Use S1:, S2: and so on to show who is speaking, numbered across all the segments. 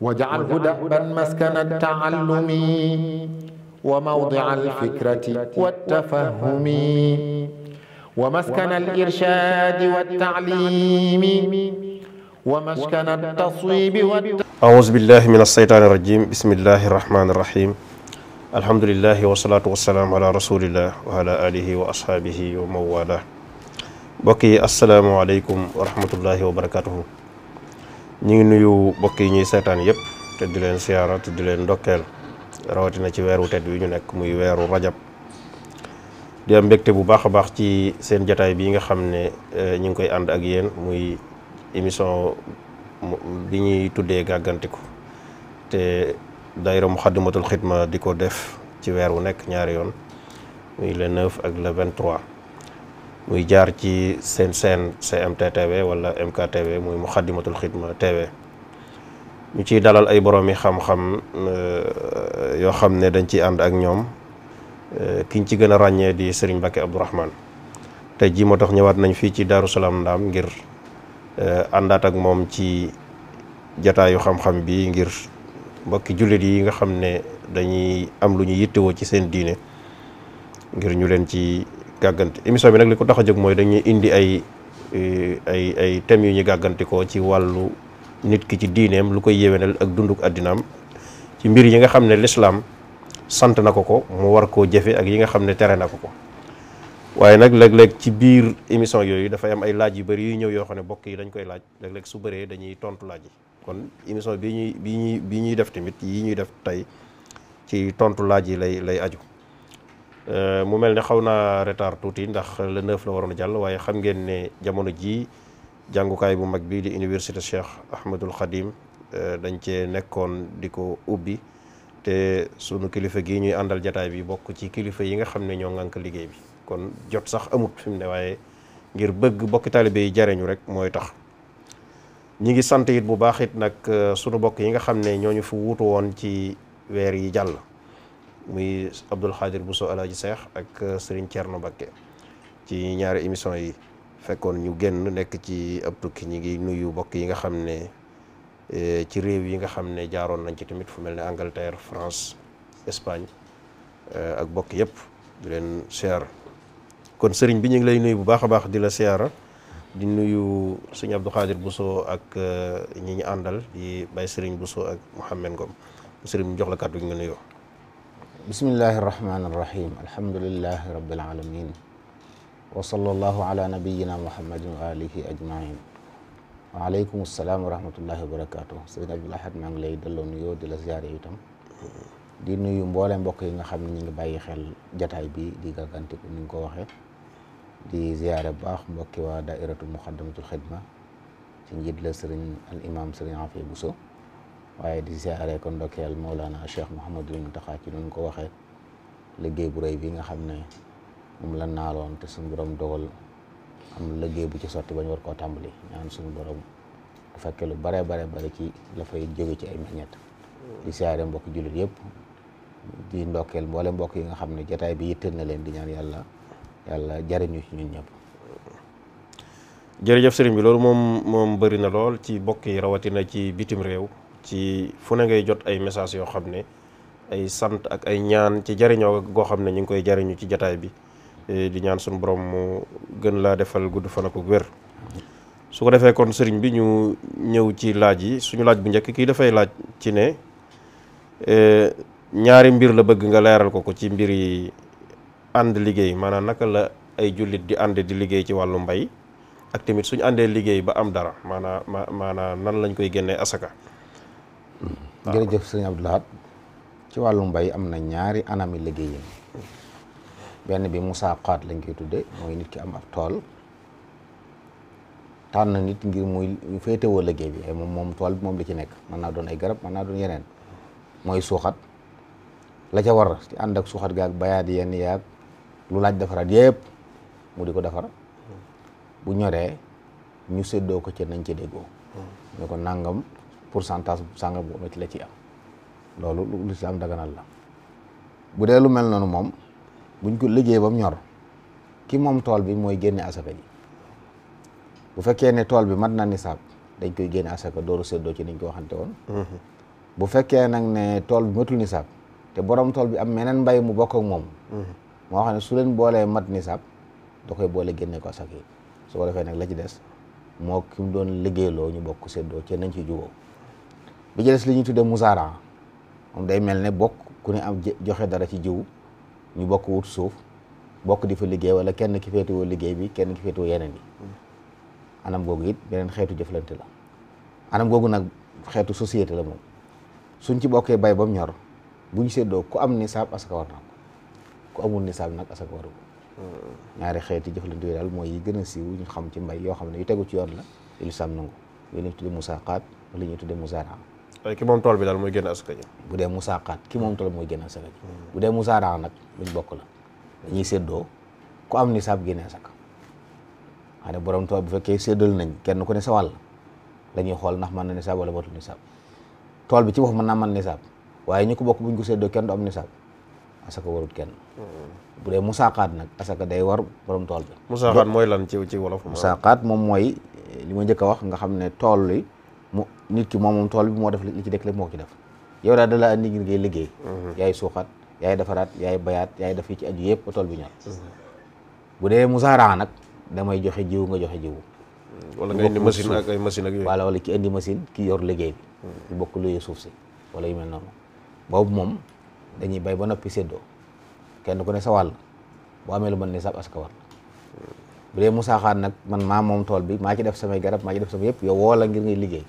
S1: واجعله دأبا مسكن التعلم وموضع الفكرة والتفهم ومسكن الإرشاد والتعليم ومسكن التصويب والت...
S2: أعوذ بالله من الشيطان الرجيم بسم الله الرحمن الرحيم الحمد لله والصلاة والسلام على رسول الله وعلى آله وأصحابه ومن والاه mbokk yi asalaamaaleykum wa rahmatullahi wa barakatuhu ñu ngi nuyu mbokk yi ñuy seetaan yëpp te di leen siyaara te di leen ndokkeel rawatina ci weeru tedd wi ñu nekk muy weeru rajab di am mbégte bu baax a baax ci seen jataay bi nga xam ne eh, ñu ngi koy ànd ak yéen muy émission bi ñuy tuddee gàggantiku te mu Muxaddamatul Xidma di ko def ci weer wu nekk ñaari yoon muy le 9 ak le 23. muy jaar ci seen seen CMT TV wala MKTV muy Muxaddamatul Xidma TV ñu ciy dalal ay boroomi xam-xam euh, yoo xam ne dañ ciy ànd ak ñoom euh, kiñ ci gën a ràññee di Serigne Mbacké Abdourahmane te jii moo tax ñëwaat nañ fii ci Daaru Salaam Ndaam ngir euh, àndaat ak moom ci jataayu xam-xam bi ngir mbokki jullit yi nga xam ne dañuy am lu ñu yittewoo ci seen diine ngir ñu leen ci gàggante émission bi nag li ko tax a jóg mooy dañuy indi ay ay ay thèmes yu ñu gàggantikoo ci wàllu nit ki ci diineem lu koy yéwénal ak dunduk àddinaam ci mbir yi nga xam ne lislaam sant na ko ko mu war koo jëfe ak yi nga xam ne tere na ko ko waaye nag léeg-léeg ci biir émission yooyu dafay am ay laaj yu bëri yuy ñëw yoo xam ne bokk yi dañ koy laaj léeg-léeg su baree dañuy tontu laaj yi kon émission bi ñuy bi ñuy bi ñuy def tamit yi ñuy def tey ci tontu laaj yi lay lay aju Euh, mu mel ne xaw naa retard tuuti ndax le 9 la waroon a jàll waaye xam ngeen ne jamono jii jàngukaay bu mag bii di université Cheikh Ahmadul Khadim euh, dañ cee nekkoon di ko ubbi te sunu kilifa gii ñuy àndal jataay bi bokk ci kilifa yi nga xam ne ñoo ŋànk liggéey bi kon jot sax amut fi mu ne waaye ngir bëgg bokki taalibe yi jareñu rek mooy tax ñi ngi sant it bu baaxit it nag euh, sunu bokk yi nga xam ne ñooñu fi wuutu woon ci weer yi jàll muy Abdul Xaadir Bousso Alaaji Seex ak euh, Serigne Thierno Mbakke ci ñaari émission yi fekkoon ñu génn nekk ci ab tukki ñi ngi nuyu mbokk yi nga xam ne euh, ci réew yi nga xam ne jaaroon nañ ci tamit fu mel ni Angleterre France Espagne euh, ak bokk yëpp di leen siyaar kon sëriñ bi ñu ngi lay nuyu bu baax a baax di la siyaara di nuyu sëñ Abdou Khadir Bousso ak ñi ñu àndal di bàyyi sëriñ Bousso ak Mouhamed Ngom sëriñ bi jox la kàddu gi nga nuyoo.
S1: bismillahi irrahmani irrahim alhamdulilahi rabilalamin wa sallallahu ala nabiyina muhammadin wa alihi ajmain waaleykum assalaam wa rahmatullahi wa barakatuh sëriñ Abdul Ahad maa ngi lay delloo nuyoo di la ziyaare itam di nuyu mboole mbokk yi nga xam ne ñu ngi bàyyi xel jataay bi di gàggantiku ni nga ko waxee di ziyaare bu baax mbokki waa daairatu muqaddamatul xidma ci njiit la sëriñ al imam sëriñ Afiya Buso waaye di siyaare ko ndokkeel Mawlana Cheikh Mouhamadul Mountakha ci nu ko waxee liggéey bu rëy bi nga xam ne moom la naaloon te suñu borom dogal am liggéey bu ci sotti ba war koo tàmbali ñaan suñu borom bu fekkee lu bare bare bare ci la fay jóge ci ay meññeet di siyaare mbokk jullit yëpp di ndokkeel mboole mbokk yi nga xam ne jataay bi yitteel na leen di ñaan yàlla yàlla jariñu ci ñun ñëpp
S2: jërëjëf sëriñ bi loolu moom moom bëri na lool ci mbokk yi rawatina ci bitim réew ci fu ne ngay jot ay message yoo xam ne ay sant ak ay ñaan ci jariñoo goo xam ne ñu ngi koy jariñu ci jataay bi eh, di ñaan suñu borom mu gën laa defal gudd fan ak wér su ko defee kon sëriñ bi ñu ñëw ci laaj yi suñu laaj bu njëkk kii dafay laaj ci ne eh, ñaari mbir la bëgg nga leeral ko ko ci mbir yi ànd liggéey maanaam naka la ay jullit di ànd di liggéey ci wàllu mbay ak tamit suñu àndee liggéey ba am dara maanaam maanaam nan lañ koy génnee asaka
S1: jërëjëf sëñ Abdou Lahad ci wàllu mbay am na ñaari anami liggéeyin benn bi musaaqaat lañ koy tudde mooy nit ki am ab tool na nit ngir muy féetewoo liggéey bi ay moom moom tool bi moom la ci nekk mën naa doon ay garab mën naa doon yeneen mooy suuxat la ca war ci ànd ak suuxat gaag bayaat yenn yaag lu laaj defaraat yépp mu di ko defar hmm. bu ñoree ñu séddoo ko ci nañ ci déggoo ñu hmm. ko nangam pour sànga bu ci la ci am loolu lu lislaam daganal la bu dee lu mel noonu moom buñ ko liggéey ba mu ñor ki moom tool bi mooy génne asaka ji bu fekkee ne tool bi mat na nisaab dañ koy génne asaka dooru seddoo ci niñ ko waxante woon mm-hmm. bu fekkee nag ne tool bi matul nisaab te borom tool bi am meneen mbay mu bokk ak moom mm-hmm. moo xam ne su leen boolee mat nisaab da koy boole génne ko asaka yi su ko defee nag la ci des moo ki doon doon loo ñu bokk seddoo ci nañ ci juboo bi jëles li ñuy tuddee musaara moom day mel ne bokk ku ne am joxe dara ci jiw ñu bokk wut suuf bokk di fa liggéey wala kenn ki féetewoo liggéey bi kenn ki féetewoo yeneen yi anam googu it beneen xeetu jëflante la anam googu nag xeetu société la moom suñ ci bokkee bay ba mu ñor bu ñu séddoo ku am nisaab asaka war na ko ku amul nisaab nag asaka waru ko ñaari xeeti jëflante yooyu daal mooy yi gën a siiw ñu xam ci mbay yoo xam ne yu tegu ci yoon la yu lislaam nangu yooyu la ñuy tuddee musaaqaat wala ñuy tuddee musaara
S2: ki moom tool bi daal mooy génn asaka ji bu dee musaaqaat
S1: ki moom tool bi mooy génn asaka ji bu dee musaarax nag luñ bokk la dañuy séddoo ko am nisaab saab génne asaka xam ne borom tool bu fekkee séddal nañ kenn ku ne dañuy xool ndax mën na nisaab wala matul nisaab tool bi ci wax man naa mën nisaab waaye ñu ko bokk buñ ko séddoo kenn du am nisaab asaka warut kenn hmm. bu dee musaaqaat nag asaka day war borom tool bi musaaqaat mooy
S2: lan ci ci wolof musaaqaat
S1: moom mooy eh, li ma njëkk a wax nga xam ne tool yi mu nit ki moom moom tool bi moo def li ci dëkk moo ci def yow daal laa andi ngir ngay liggéey mhm. yaay suuxat yaay defaraat yaay bayaat yaay def yi ci aju yëpp ba tool bi ñor mhm. bu dee musaara nag damay joxe jiw nga joxe jiw wala nga indi machine ak ay machine ak yooyu wala wala ki indi machine ki yor liggéey bi ñu mhm. suuf si wala yu mel noonu boobu moom dañuy bay ba noppi séddoo kenn ku ne sa wàll boo amee lu mën ne sab aska war bu dee musaaxaan nag man maa moom tool bi maa ci def samay garab maa ci def sama yëpp yow woo la ngir liggéey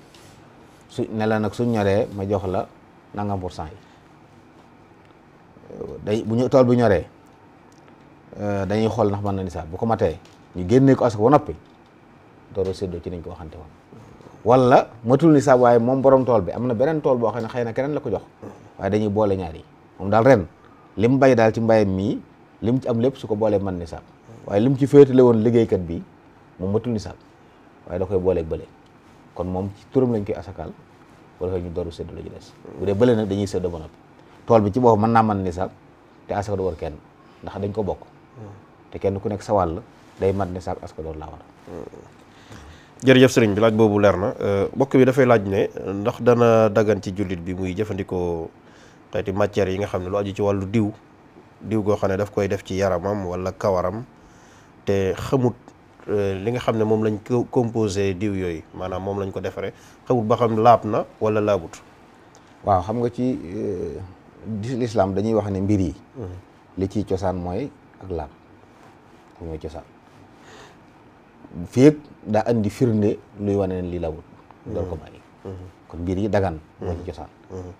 S1: su ne nag suñ ñoree ma jox la nangam pour cent yi day bu ñu tool bu ñoree euh, dañuy xool ndax man na nisaab bu ko matee ñu génnee ko asaka ba noppi dooro séddoo ci nañ ko waxante woon wala matul nisaab waaye moom borom tool bi am na beneen tool boo xam ne xëy na keneen la ko jox waaye dañuy boole ñaar yi moom daal ren lim bay daal ci mbayam mii lim ci am lépp su ko boolee mën nisaab waaye lim ci féetale woon liggéeykat bi moom matul nisaab waaye da koy booleeg bële kon moom ci turam lañ koy asakal wala ñu dooru sédd la ñu des bu dee bële nag dañuy sédd ba tool bi ci boppam mën naa man mën nisaab te asaka du kenn ndax dañ ko bokk te kenn ku nekk sa wàll day man mat nisaab asaka door laa war
S2: jërëjëf sëriñ bi laaj boobu leer na euh, mbokk bi dafay laaj ne ndax dana daggan ci jullit bi muy jëfandikoo xeeti matières yi nga xam ne lu aju ci wàllu diw diw goo xam ne daf koy def ci yaramam walla kawaram te xamut Euh, li nga xam ne moom lañ ko composé diw yooyu maanaam moom lañ ko defaree xamul ba xam laab na wala laabut. waaw xam nga ci euh, disul dañuy wax ne mbir yi. Mhm. li ciy
S1: cosaan mooy ak laab mooy cosaan. fii daa andi firnde luy wane ne lii laabut. Mhm. door ko bàyyi. Mhm. kon mbir yi dagan. moo ci cosaan.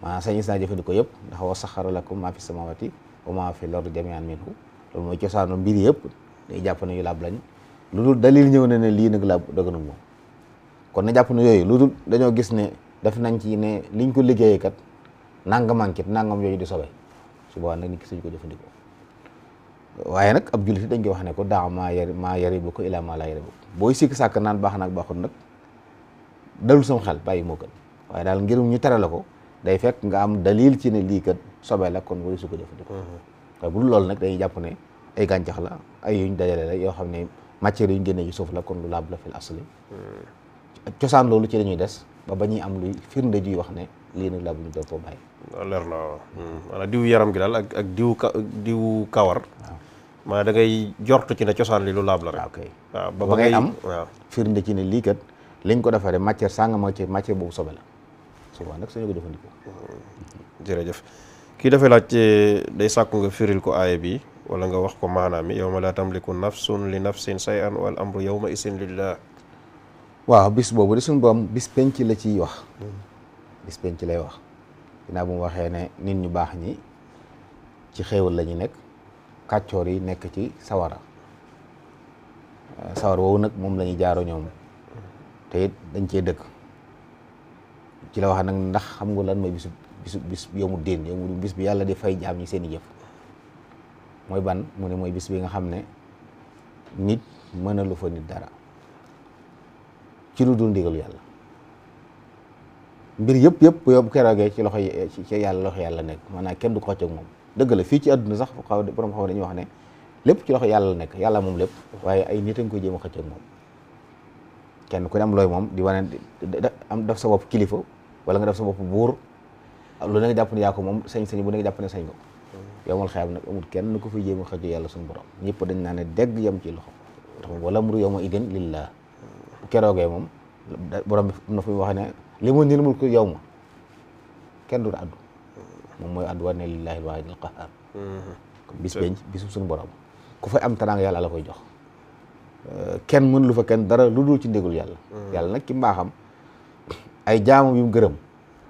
S1: maanaam sañis naa jëfandikoo yëpp ndax wa saxara lakum maa fi samawati wa maa fi l-ardi jamii'an minhu loolu mooy cosaanu mbir yëpp day jàpp ne yu laab lañ. lu dul dalil ñëw na ne lii nag la laa dogal moom kon na jàpp ne yooyu lu dul dañoo gis ne def nañ ci ne liñ ko liggéeyee kat nangamaan kit nangam yooyu di sobe su boobaa nag suñ ko jëfandikoo waaye nag ab jullit dañ ko wax ne ko daaw maa yari maa yari bu ko ilaa maa laa yari sàkk naan baax naag baaxul nag dalul sam xel bàyyi moo gën waaye daal ngir ñu tere la ko day fekk nga am dalil ci ne lii kat sobe la kon wari su ko jëfandikoo mm-hmm. waaye bu dul loolu nag dañuy jàpp ne ay gàncax la ay yuñ dajale yoo xam ne matière yu ñu génnee ci suuf la kon lu laab la fil asli cosaan loolu ci dañuy des ba ba ñuy am luy firnde juy wax ne lii
S2: nag laa bu ñu doon ko bàyyi. leer na hmm. diw yaram gi daal ak ak diwu ka diwu kawar. waaw maanaam da ci ne cosaan li lu laab la rek. ba ba ngay am waaw
S1: firnde ci ne lii kat liñ ko defaree matière sànga moo ci matière boobu sobe la
S2: souvent nag suñu ko jëfandikoo. Hmm. jërëjëf kii dafay laaj day sàkku nga firil ko aaya bi. wala nga wax ko maanaam mi ma laa tamliku nafsun li nafsin shay'an wal amru yawma isin lillah
S1: waaw bis boobu de suñu borom bis penc la ciy wax hmm. bis penc lay wax ginnaaw bu mu waxee ne nit ñu baax ñi ci xéewal la ñu nekk kàccoor yi nekk ci sawara sawar woowu nag moom lañuy jaaro ñoom te it dañ cee dëkk ci la wax nag ndax xam nga lan mooy bisu bisu bis yow mu déen yow mu bis bi yàlla di fay jaam ñi seen i jëf mooy ban mu ne mooy bis bi nga xam ne nit mënalu fa nit dara ci lu dul ndigalu yàlla mbir yëpp yëpp yow bu keroogee ci loxo ci yàlla loxo yàlla nekk maanaam kenn du ko xëcc moom dëgg fii ci àdduna sax xaw borom xaw dañuy wax ne lépp ci loxo yàlla la nekk yàlla moom lépp waaye ay nit a ngi koy jéem a xëcc moom kenn ku ne am looy moom di wane am daf sa bopp kilifa wala nga def sa bopp buur lu na nga jàpp ne yaa moom sañ-sañ bu na nga jàpp ne sañ ko yowmal xiyaam nag amul kenn ko fi jéem a xëcc yàlla suñu borom ñëpp dañ naa ne dégg yem ci loxo wala mru yow ma idin lillah bu keroogee moom borom bi na fu wax ne li mu nil mul ko kenn du addu moom mooy addu war ne lillahi alwaahid alqahar
S2: kon mm-hmm.
S1: bis benc bisu suñu borom ku fa am teraanga yàlla la koy jox euh, kenn mën lu fa kenn dara lu dul ci ndégul yàlla mm-hmm. yàlla nag ki baaxam ay jaamu yu gërëm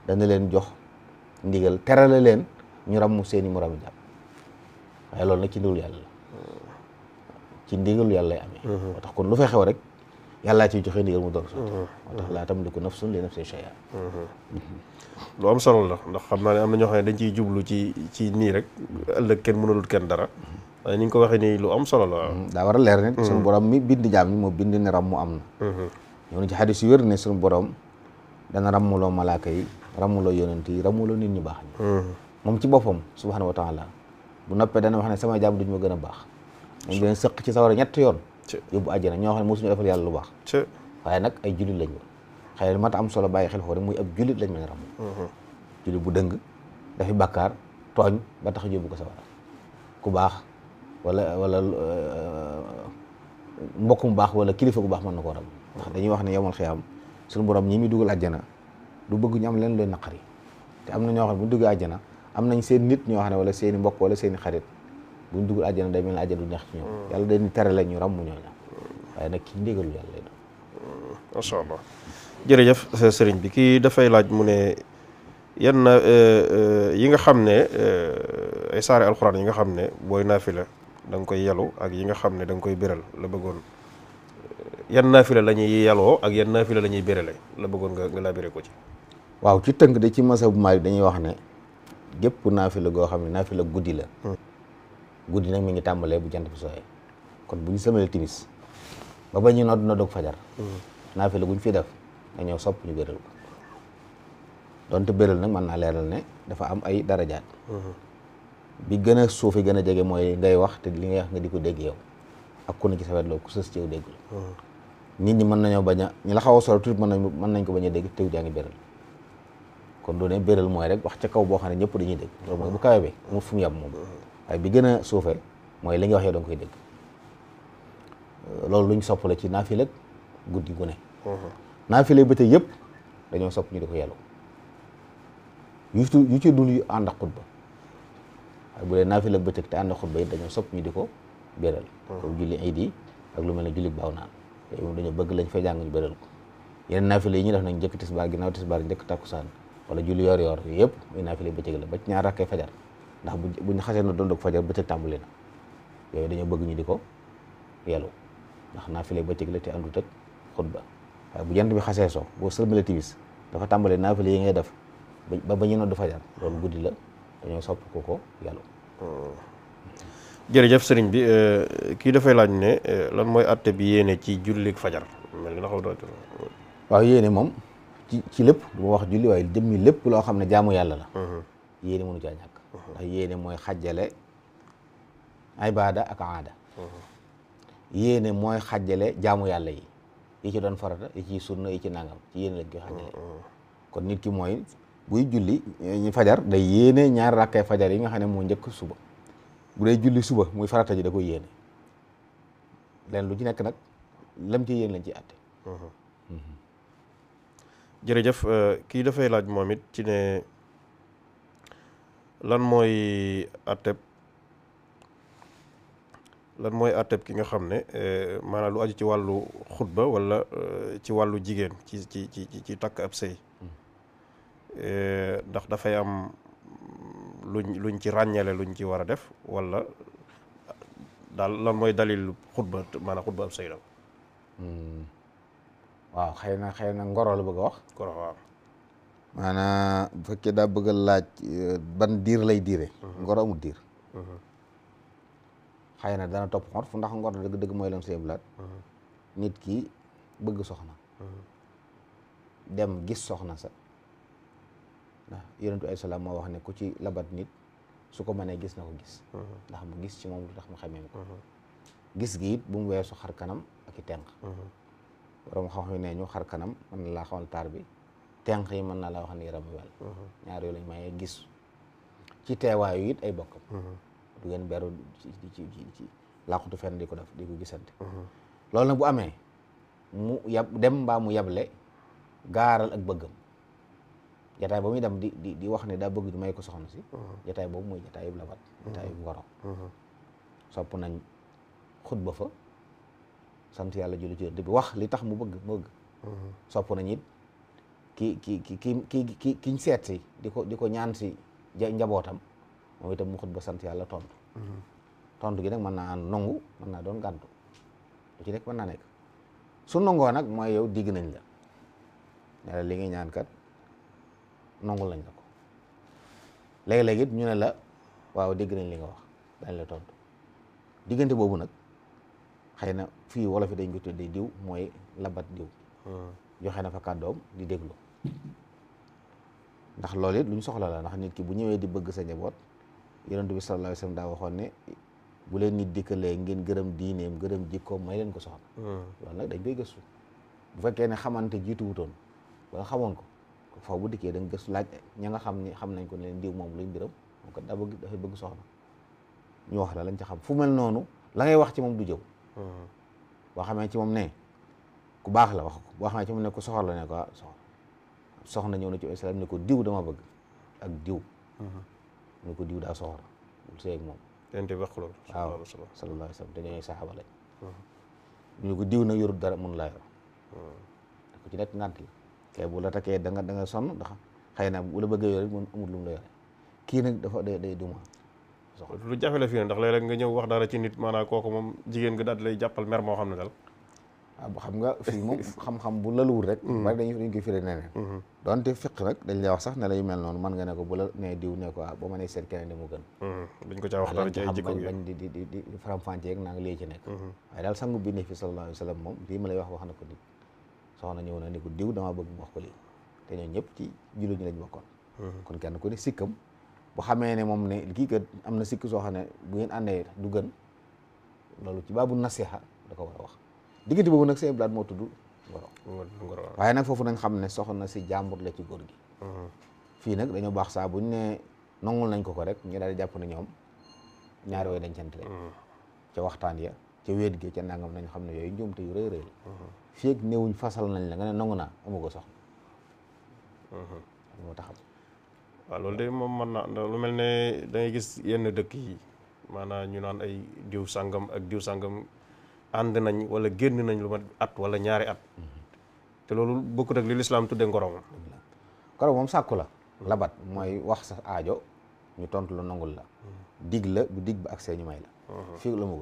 S1: dana leen jox ndigal terale leen ñu ram mu seeni mu rami jàmm waaye loolu nag ci ndigalu yàlla ci yàlla amee. Mhm. moo tax kon lu fay xew rek
S2: yàllaa ciy joxe ndigal mu doon sotti. Mhm. moo tax laa tamliku nafsun li nafsin shay'an. Mhm. lu am solo la ndax xam naa ne am na ñoo xam ne dañ ciy jublu ci ci nii rek ëllëg kenn mënalul kenn dara. waaye ni ko waxee nii lu am solo la. daa war a leer ne. sunu borom
S1: mi bind jaam ñi moo bind ne ràmm mu am na. ñëw na ci xadis yu wér ne sunu borom dana ràmmuloo malaaka yi ràmmuloo yonent yi ràmmuloo nit ñu baax ñi. moom ci boppam subhaanahu wa taala bu noppee dana wax ne sama jàmm duñu ma gën a baax dañ leen sëq ci sawara ñett yoon yóbbu àjjana ñoo xam ne mosuñu defal yàlla lu baax waaye nag ay jullit lañ woon xëy mat am solo bàyyi xel foofu muy ab jullit lañ mën a ram bu dëng dafi bàkkaar tooñ ba tax yóbbu ko sawara ku baax wala wala euh, mbokk mu baax wala kilifa bu baax man na koo ram ndax dañuy wax ne yomal xiyaam suñu borom ñi muy dugal àjjana du bëgg ñu am leen looy naqari te am na ñoo xam ne bu duggee àjjana am nañ seen nit ñoo wax ne wala seeni i mbokk wala seen i xarit buñ dugul àjjana day mel ne àjjana du neex ci ñoom mm. yàlla dañuy tere la ñu ràmm ñooñu waaye nag ki ndégalu yàlla
S2: lay mm. jërëjëf sëriñ bi kii dafay laaj mu ne yan euh, euh, yi nga xam ne euh, ay saare alxuraan yi nga xam ne booy naafila da koy yalu ak yi nga xam ne da koy béral la bëggoon yan naafila la ñuy yaloo ak yan naafila la ñuy bérale la bëggoon nga nga laabire ko ci
S1: waaw ci tënk de ci masab Maalik dañuy wax ne gépp la goo xam ne naafila guddi la hmm. guddi nag mi ngi tàmbalee bu jant fi sooyee kon bu ñu sëmale timis ba ba ñu nodd noddoog fajar hmm. naafila guñ fi def nga ñëw sopp ñu béral ko donte béral nag mën naa leeral ne dafa am ay darajaat hmm. bi gën a suufi gën a jege mooy ngay wax te li nga wax nga di ko dégg yow ak ku ne ci sawet loolu ku sës ci yow déggul nit ñi mën nañoo bañ a ñu la xaw a solo tuuti mën nañ mën nañ ko bañ a dégg teew jaa ngi béral kon doone béral mooy rek wax ca kaw boo xam ne ñëpp dañuy dégg loolu mooy bu kawe bi mu fu mu yem moom ay bi gën a suufee mooy li nga wax yow da nga koy dégg loolu luñ sopp la ci naafila guddi gu ne uh-huh. ba tey yëpp dañoo sopp ñu di ko yellu yu yu ci dul yu ànd ak xutba waaye bu dee naafila bëccëg te ànd ak xutba it dañoo sopp ñu di ko béral uh-huh. comme julli ay di ak lu mel ne julli baaw naan yooyu bëgg lañ fay jàng ñu béral ko yeneen naafila ñu def nañ njëkk tisbaar ginnaaw tisbaar njëkk takkusaan wala julli yor yor yëpp muy naafile bëccëg la ba ci ñaar rakkee fajar ndax buñ xasee na dondog fajar bëccëg tàmbali na yooyu dañoo bëgg ñu di ko yelu ndax naafile bëccëg la te àndut ak xutba waaye bu jant bi xasee soo boo sëlmale timis dafa tàmbale naafile yi ngay def ba ba ñu nodd fajar loolu guddi la dañoo sopp ko ko yelu
S2: jërëjëf sëriñ bi euh, kii dafay laaj ne euh, lan mooy atte bi yéene ci jullik fajar
S1: mel ni la xaw waaw yéene moom ci lépp du ma wax julli waaye jëmmi lépp loo xam ne jaamu yàlla la mhm. yéene mënu caa ñàkk mhm. ndax yéene mooy xajjale ibada ak aada mhm. yéene mooy xajjale jaamu yàlla yi yi ci doon farata yi ci sunna yi ci nangam ci yéene la koy xajjale kon nit ki mooy buy julli eh, fajar day yéene ñaar rakkay fajar yi nga xam ne moo njëkk suba bu dee julli suba
S2: muy farata ji da koy yéene leen lu ci nekk nag lam ci yéen lañ ciy àtte jërëjëf euh, kii dafay laaj moom it ci ne lan mooy atteb lan mooy atteb ki nga xam ne euh, maanaam lu aju ci wàllu xutba wala euh, ci wàllu jigéen ci ci ci ci takk ab sëy ndax dafay am luñ luñ ci ràññale luñ ci war a def walla daal lan mooy dalil xutba maanaam xutba ab sëy la hmm. waaw xëy na xëy na ngoro la bëgg a wax. ngoro waaw.
S1: maanaam fekkee daa bëgg laaj euh, ban diir lay diire. Mhm. ngoro amul diir. Mhm. xëy na dana topp ngor fu ndax ngor dëgg dëgg mooy lam seen laat mhm. nit ki bëgg soxna dem gis soxna sa ndax yonentu ay salaam moo wax ne ku ci labat nit su ko mënee gis na ko gis ndax mu gis ci moom lu tax mu xamee ko gis gi it bu mu weesu xar kanam ak i tenq borom xam-xam nee ñu xar kanam mën na laa xamal taar bi tenq yi mën na laa wax rab yaram wel mhm. ñaar yooyu lañ mayee gis ci teewaayu it ay bokkam mhm. du ngeen beru ci ci ci làqutu fenn di ko def gisante mhm. loolu na bu amee mu yab dem mbaa mu yable gaaral ak bëggam jataay ba muy dem di di di wax ne daa bëgg ñu may ko soxna si jataay boobu mooy jataay yub labat jataay yub ngoro sopp nañ xutba fa sant yàlla julli ci yonent bi wax li tax mu bëgg mu bëgg mhm. sopp nañ it ki ki ki ki ki kiñ seet si di ko di ko ñaan si njabootam moom itam mu xut ba sant yàlla tontu mhm. tontu gi nag mën naa nongu mën naa doon gàddu lu ci nekk nekk su nongoo nag mooy yow digg nañ la li ngay ñaan kat lañ la ko léeg-léeg ñu ne la waaw dégg nañ li nga wax dañ la tontu diggante boobu nag xëy na fii wolof yi dañ ko tuddee diw mooy labat diw joxe na fa kàddoom di déglu ndax loolu it luñ soxla la ndax nit ki bu ñëwee di bëgg sa njaboot yonent bi sallallahu alayhi wasallam daa waxoon ne bu leen nit dikkalee ngeen gërëm diineem gërëm jikkoom may leen ko soxla loolu nag dañ koy gëstu bu fekkee ne xamante jiitu wutoon wala xamoon ko foofu bu dikkee da nga gëstu ña nga xam ni xam nañ ko ne leen diw moom luñ biram moom kat daa bëgg dafay bëgg soxna ñu wax la lañ ca xam fu mel noonu la ngay wax ci moom du jëw boo xamee moom ne ku baax la wax ko boo ci moom ne ku soxor la ne ko ah, soxor soxna ñëw na ci islam ne ko diw dama bëgg ak diw mm-hmm. ne ko diw daa soxor bul sëy ak moom
S2: yonent bi wax loolu waaw sallallahu alayhi wa sallam dañooy saxaaba lañ
S1: mm-hmm. diw nag yorut dara mun laa yor mm-hmm. ci nekk ngànt la kay bu la takkee da nga da nga sonn ndax xëy na bu la bëggee yor it mun amul la yore kii nag dafa day day duma
S2: lu jafe la fii ndax léeg-léeg nga ñëw wax dara ci nit maanaam kooku moom jigéen nga daal lay jàppal mer moo xam ne daal waaw ah, xam nga fii moom
S1: xam-xam bu laluwul rek bari mm-hmm. dañu dañ koy firi neneen mm-hmm. donte fiq dañ lay wax sax ne lay mel noonu mën nga ne ko bu ne diw ne ko ah, ba ma ne seet keneen di mu gën
S2: mm-hmm. dañ ko caa wax dara ci ay
S1: di di di di faram-fàccee rek naa ngi lii ci nekk waaye daal sangu bi ne fi sallallahu alayhi moom lii ma lay wax wax na ko nit soxna ñëw na ni ko diw dama bëgg mu wax ko te ñoo ñëpp ci jullit ñi lañ bokkoon kon kenn ku ne sikkam boo xamee ne moom ne kii kat am na sikk soo xam ne bu ngeen àndee du gën ci baabu nasiha da ko war boobu nag seen blaat moo tudd
S2: ngoro waaye
S1: nag foofu nañ xam ne soxna si jàmbur la ci góor gi mm-hmm. fii nag dañu baax saa buñ ne nongul nañ ko ko rek ñu daal di jàpp ne ñoom ñaari way dañ la mm-hmm. ca waxtaan ya ca weet gi ca nangam nañ xam ne yooyu njuumte yu rëy rëy la mm-hmm. fii ak néewuñ
S2: fasal nañ la nga ne nangu naa amu ko soxna moo waaw loolu de moom mën naa lu mel ne dangay gis yenn dëkk yi maanaa ñu naan ay diw sàngam ak diw sàngam ànd nañ wala génn nañ lu ma at wala ñaari at mhm. te loolu bokkut ak li lislaam tudde ngoroom
S1: ngoroom sàkku la labat mooy wax sa aajo ñu tontu la nangul la mhm. digg la bu dig ba ak see ñu may la mhm. fii la ma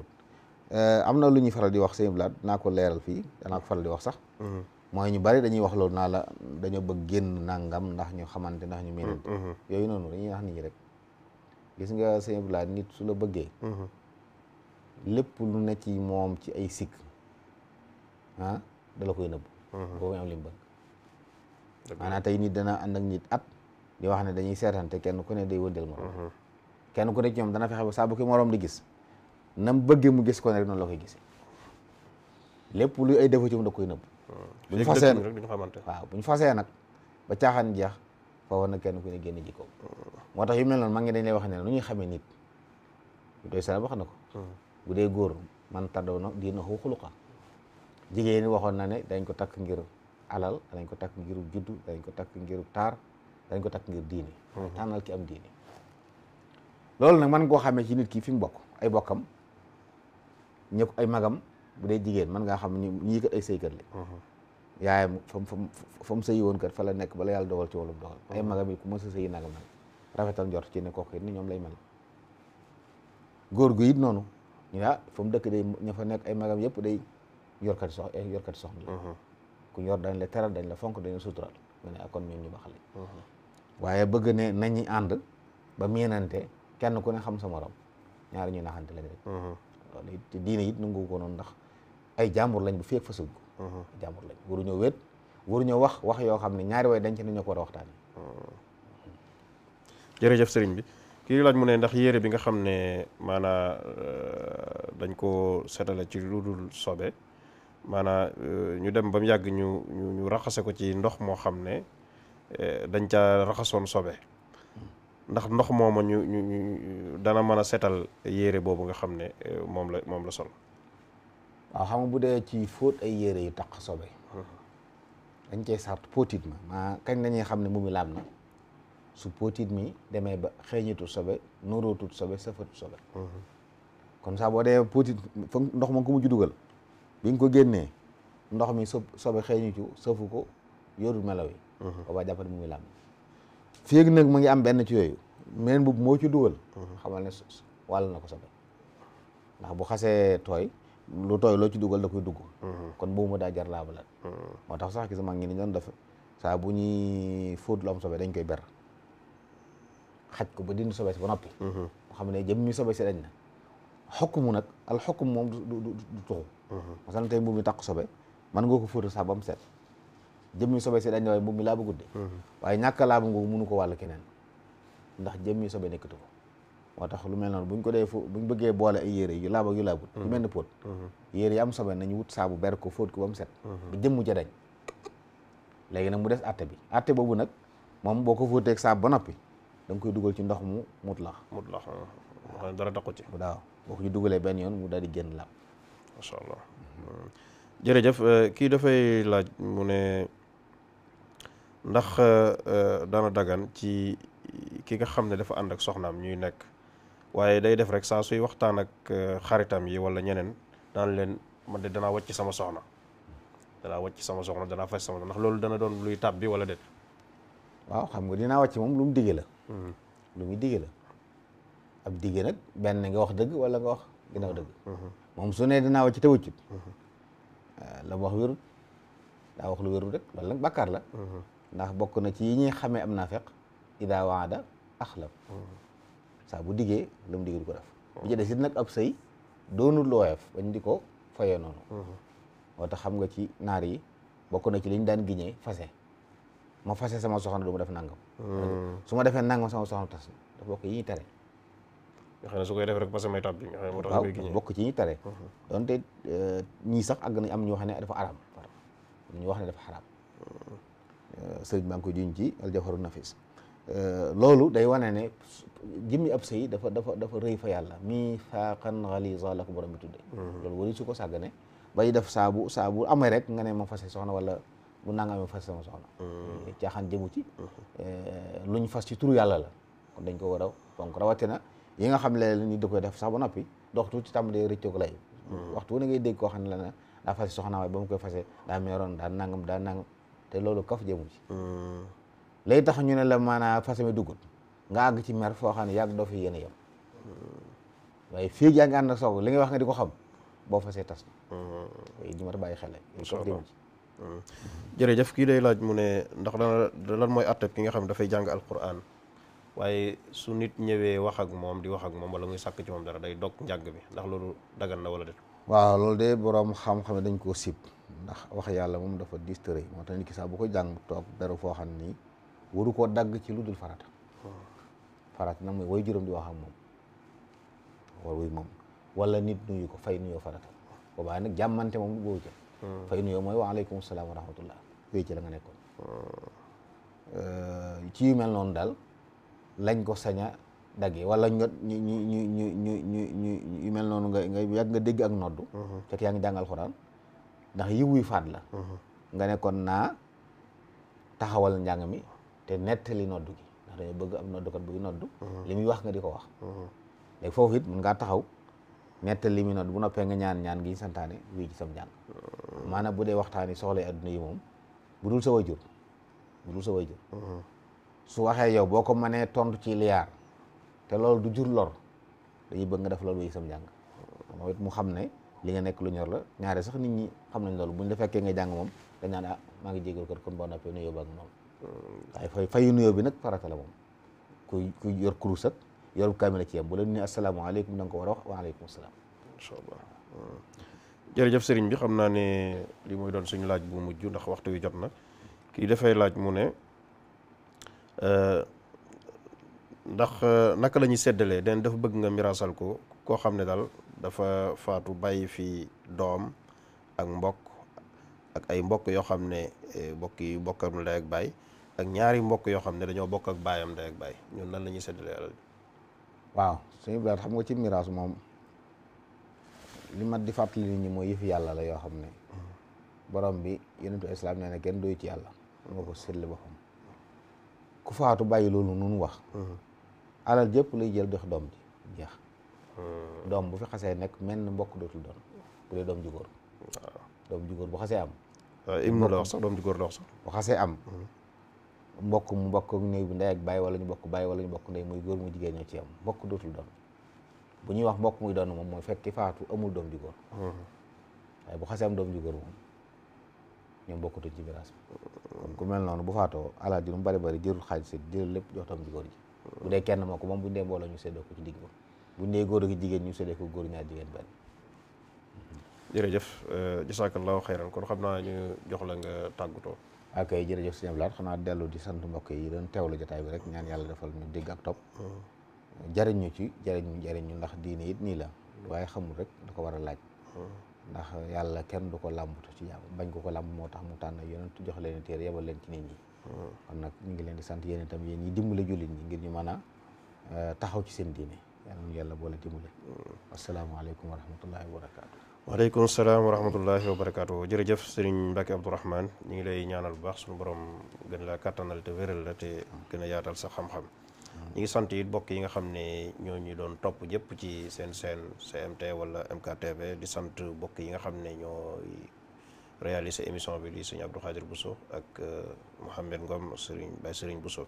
S1: eh, am na lu ñuy faral di wax seen blaat naa ko leeral fii danaa ko faral di wax sax mooy ñu bari dañuy wax loolu naa la dañoo bëgg génn nangam ndax ñu xamante ndax ñu mel mm-hmm. yooyu noonu dañuy wax nit rek gis nga sëñ Abdoulaye nit su la bëggee mm-hmm. lépp lu ne ci moom ci ay sikk ah dala koy nëbb mm-hmm. boo am li tey nit dana ànd ak at di wax ne dañuy seetante kenn ku ne day wëndeel morom kenn ku ne ci ñoom dana fexe ba saa bu di gis na bëggee mu gis ko ne rek noonu la koy gis lépp lu ay defo ci koy nëbb bu ñu fasee nag waaw bu ñu fasee nag ba caaxaan jeex fa war na kenn ku ne génn jikko moo tax yu mel noonu maa ngi dañ lay wax ne lu ñuy xamee nit bu doy sala wax na ko hmm. bu dee góor man taddaw na diina xu xuluqa jigéen waxoon na ne dañ ko takk ngir alal dañ ko takk ngir juddu dañ ko takk ngir taar dañ ko takk ngir diini hmm. tànnal ki am diini loolu nag man koo xamee ci nit ki fi mu bokk ay bokkam ñëpp ay magam bu dee jigéen man ngaa xam ñu ñii ay sëykat la mhm. yaayam fam fam fa mu sëyi woon kat fa la nekk bala yàlla dogal ci wàllum dogal mhm. ay magam yi ku mën sa sëyi nagam nag rafetal njort ci ne kooku it ni ñoom lay mel góor gu it noonu ñu ah fa mu dëkk day ña fa nekk ay magam yëpp day yorkati sox yorkati soxna la mhm. ku yor dañ la teral dañ la fonk dañ la sutural nga ne ah, kon ñun ñu baax la waaye bëgg ne nañ nañu ànd ba miinante kenn ku ne xam sa morom ñaar ñu naxante lañ rek loolu ndax ay jàmbur lañ bu feek fasuñ ko jàmbur lañ waruñoo wéet waruñoo wax wax yoo xam ne ñaari way denc nañu ko war a waxtaane uh-huh.
S2: jërëjëf sëriñ bi kii laaj mu ne ndax yére bi nga xam ne maanaa uh, dañ koo setale ci lu dul sobe maanaa uh, ñu dem ba mu yàgg ñu ñu raxase ko ci ndox moo xam ne uh, dañ caa raxasoon sobe ndax ndox mooma ñu ñu dana mën a setal yére boobu nga xam ne moom la moom la sol
S1: waaw xam nga bu dee ci fóot ay yére yu taq sobe dañ cey sart pootit ma maa kañ lañuy xam ne mu mi laab na su potit mi demee ba xeeñitu sobe nóorootul sobe safatu sobe kon saa boo dee potit ndox ma ko mujj dugal bi nga ko génnee ndox mi so sobe xeeñitu safu ko yorul melaw yi boobaa jàppal mu mi laab na fii nag mu ngi am benn ci yooyu meneen boobu moo ci dugal xamal ne walla na ko sobe ndax bu xasee tooy lu tooy loo ci dugal da koy dugg mhm. kon boobu ma daa jar laabalaat mhm. moo tax sax gis mag ñi ni doon def saa bu ñuy fóot lu am sobe dañ koy ber xaj ko ba dindi sobe si ba noppi mhm. xam ne jëm mi sobe si dañ na xokkumu nag al xokkum moom du tuxu masalan tey mbubb mi takk sobe ko fóota sax ba mu set jëmmi sobe si dañ na waaye mbubb mi laa gudde waaye ñàkk laa ba munu ko wàll keneen ndax jëmmi sobe nekkatu moo tax lu mel noonu buñ ko dee fu ñu bëggee boole ay yére yu laab ak yu laabut yu mel ni póot mm-hmm. yére yi am sobe nañu wut saabu ber ko fóot ko ba mu set mm-hmm. ba jëmm ja dañ léegi nag mu des atte bi atte boobu nag moom boo ko fóotee ak ba noppi da koy dugal ci ndox mu mut lax
S2: mut taxu ci waaw
S1: ko ci dugalee benn
S2: yoon mu daal di génn laab macha allah mm-hmm. jërëjëf euh, kii dafay laaj mu ne euh, euh, daana dagan ci ki nga xam ne dafa ànd ak soxnaam ñuy nekk waaye day def rek saa suy waxtaan ak eh, xaritam yi wala ñeneen daan leen man de danaa wàcc sama soxna danaa wàcc sama soxna danaa faj sama ndax loolu dana doon luy bi wala de
S1: waaw xam nga dinaa wàcc moom lu mu digge la. Hmm. lu muy digge la ab nag benn nga wax dëgg wala nga wax ginnaaw dëgg. Hmm. moom su ne dinaa wàcc te wëccut. Hmm. Eh, la mu wax wérut daa wax lu wérut rek loolu nag bàkkaar la. ndax bokk na ci yi ñuy xamee am naa feq daa waada axlaf saa bu diggee la mu diggee du ko def bi ci des it nag ab sëy doonul lu woyof bañ di ko fayee noonu tax xam nga ci naar yi bokk na ci li ñu daan giñee fase ma fase sama soxna du ma def nangam su ma defee nangam sama soxna tas dafa bokk yi tere
S2: nga xam ne su koy def rek parce que may tàbbi nga xam ne moo tax koy giñee ci ñuy
S1: tere mhm. donte euh, sax àgg nañ am ñoo xam ne dafa araam ñu wax ne dafa xaraam mhm. euh, sëriñ maa koy juñ ci aljawharu nafis Euh, loolu day wane ne jëmmi ab sëy dafa dafa dafa rëy fa yàlla mii faaqan xaliisa la ko borom bi tudde mhm. loolu wari su ko sàggane bay def saabu saabu amee rek nga ne ma fase soxna wala bu nanga amee fase sama soxna mhm. eh, caaxaan jëmu ci mhm. eh, luñ fas ci turu yàlla la kon dañ ko war a fonk rawatina yi nga xam ne ni da koy def sax ba noppi dox tuuti ci tàmbalee rëccoog lay waxtu ne ngay dégg koo xam ne la na soxna waaye mu koy fase daa meeroon daa nangam daa nangam te loolu kaf jëmu ci lay tax ñu ne la maanaam fas mi duggut nga àgg ci mer foo xam ne yàgg doo fi yéen a yem waaye fii yaa ngi ànd li nga wax nga di ko xam boo fasee tas mm-hmm. waaye di mat bàyyi xel mm-hmm.
S2: jërëjëf kii day laaj mu ne ndax dana lan mooy atteb ki nga xam ne dafay jàng alquran waaye su nit ñëwee wax ak moom di wax ak moom wala muy sàkk ci moom dara day dog njàng bi ndax loolu dagan na wala déet
S1: waaw loolu de borom xam-xam dañ koo sib ndax wax yàlla moom dafa diis moo tax nit ki sax bu ko jàng toog beru foo xam nii waru koo dagg ci lu dul farata farata na mooy way juróom di wax ak moom war wuy moom wala nit ko fay nuyoo farata boobaa nag jàmmante moom boobu ca hmm. fay nuyoo mooy waaleykum salaam wa rahmatullah wéy ci la nga nekkoon hmm. eh, ci yu mel noonu dal lañ ko sañ a daggee wala ñu ñu ñu ñu ñu ñu ñu yu mel noonu nga nga nga dégg ak noddu hmm. fekk yaa ngi jàngal xuraan ndax yiwuy faat la nga nekkoon naa taxawal njàng mi te nettali noddu gi ndax dañoo bëgg am noddukat buy noddu mhm. li muy wax nga di ko wax mhm. léegi foofu it mën ngaa taxaw nettali li muy noddu bu noppee nga ñaan ñaan gi santaane ci sam njàng mhm. maanaam bu dee waxtaani soxla adduna yi moom bu dul sa wajur bu dul su waxee yow boo ko nee tontu ci liyaar te loolu du jur lor dañuy bëgg nga def loolu wéy sam njàng moom it mu xam ne li nga nekk lu ñor la ñaare sax nit ñi xam nañ loolu buñ la fekkee nga jàng moom dañ naan ah maa ngi jégal kër kon boo noppee nu yóbbu ak moom waaye fay fayu nuyoo bi nag farata moom kuy kuy yor kurus ak yor kaamil ci yam bu leen ne asalaamaaleykum da nga ko war a wax waaleykum salaam.
S2: incha allah jërëjëf sëriñ bi xam naa ne li mooy doon suñu laaj bu mujj ndax waxtu wi jot na kii dafay laaj mu ne eh, ndax eh, naka la ñuy séddalee den dafa bëgg nga miraasal ko koo xam ne daal dafa faatu bàyyi fi doom ak mbokk ak ay mbokk yoo xam ne eh, mbokk yi bokkam la ak bàyyi ak ñaari mbokk yoo xam ne dañoo bokk ak baayam ndey ak baay ñun nan la ñuy séddalee alal waaw
S1: suñu bilaat xam nga ci miraas moom li mat di fàttali nit ñi mooy yëfi yàlla la yoo xam ne borom bi yonentu islam nee na kenn doy ci yàlla ko séddale boppam ku bàyyi loolu nun wax mhm. alal jëpp lay jël dox doom ji mhm. doom bu fi xasee nekk menn mbokk dootul doon bu doom ju ju góor bu xasee am ibnu la wax sax doom ju la wax sax bu xasee am mhm. mbokk mu mbokk ak néew bi ndey ak baay wala ñu bokk baay wala ñu bokk ndey muy góor muy jigéen ñoo ci am mbokk dootul doon bu ñuy wax mbokk muy doon moom mooy fekk ki faatu amul doom ju góor mm-hmm. waaye bu xasee am doom ju góor moom ñoom bokkatuñ ci miraas bi kon ku mel noonu bu faatoo alal ji bari bari jërul xaaj lépp jox doom ju góor ji bu dee kenn moo ko moom buñ dee mbooloo ñu séddoo ko ci digg ba buñ dee góor ak jigéen ñu séddoo ko góor ñaar jigéen benn
S2: jërëjëf eh, jasaakallahu xayran kon xam naa ñu jox la nga
S1: tàggatoo ak ay jërëjëf sëñ Abdoulaye xanaa dellu di sant mbokk yi doon teewlu jotaay bi rek ñaan yàlla defal ñu dégg ak jariñu ci jariñ jariñ ñu ndax diine it nii la waaye xamul rek da ko war a laaj ndax yàlla kenn du ko làmbatu ci jàmm bañ ko ko làmb moo tax mu tànn yonent jox leen téere yebal leen ci nit kon nag ñu ngi leen di sant yéen itam yéen ñi dimbale jullit ñi ngir ñu mën a eh, taxaw ci seen diine yàlla ñu yàlla boole dimbale asalaamaaleykum wa
S2: rahmatullahi wa barakaatu waaleykum salaam wa rahmatullahi wa barakaatu jërëjëf sëriñ Mbacke Abdourahman ñu ngi lay ñaanal bu baax suñu borom gën la kattanal te wéral la te gën a yaatal sa xam-xam ñu ngi sant it mbokk yi nga xam ne ñoo ñu doon topp jëpp ci seen seen CMT wala MKTV di sant mbokk yi nga xam ne ñooy réaliser émission bi di sëñ Abdou Khadir Bousso ak euh, Mouhamed Ngom sëriñ Baye sëriñ Bousso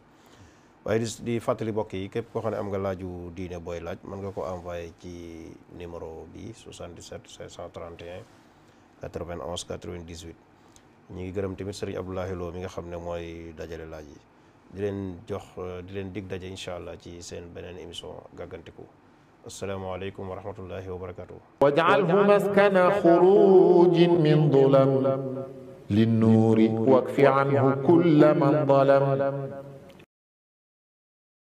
S2: waaye di di fàttali mbokk yi képp koo xam ne am nga laaju diine booy laaj mën nga ko envoyé ci numéro bi 77 531 91 98 ñu ngi gërëm tamit sëriñ Abdoulahi Lo mi nga xam ne mooy dajale laaj yi di leen jox di leen dig daje incha allah ci seen beneen émission gàggantiku asalaamaaleykum wa rahmatullahi wa barakatuh
S1: waj'alhu maskana xurujin min dulam linnuuri wakfi anhu kulla man dalam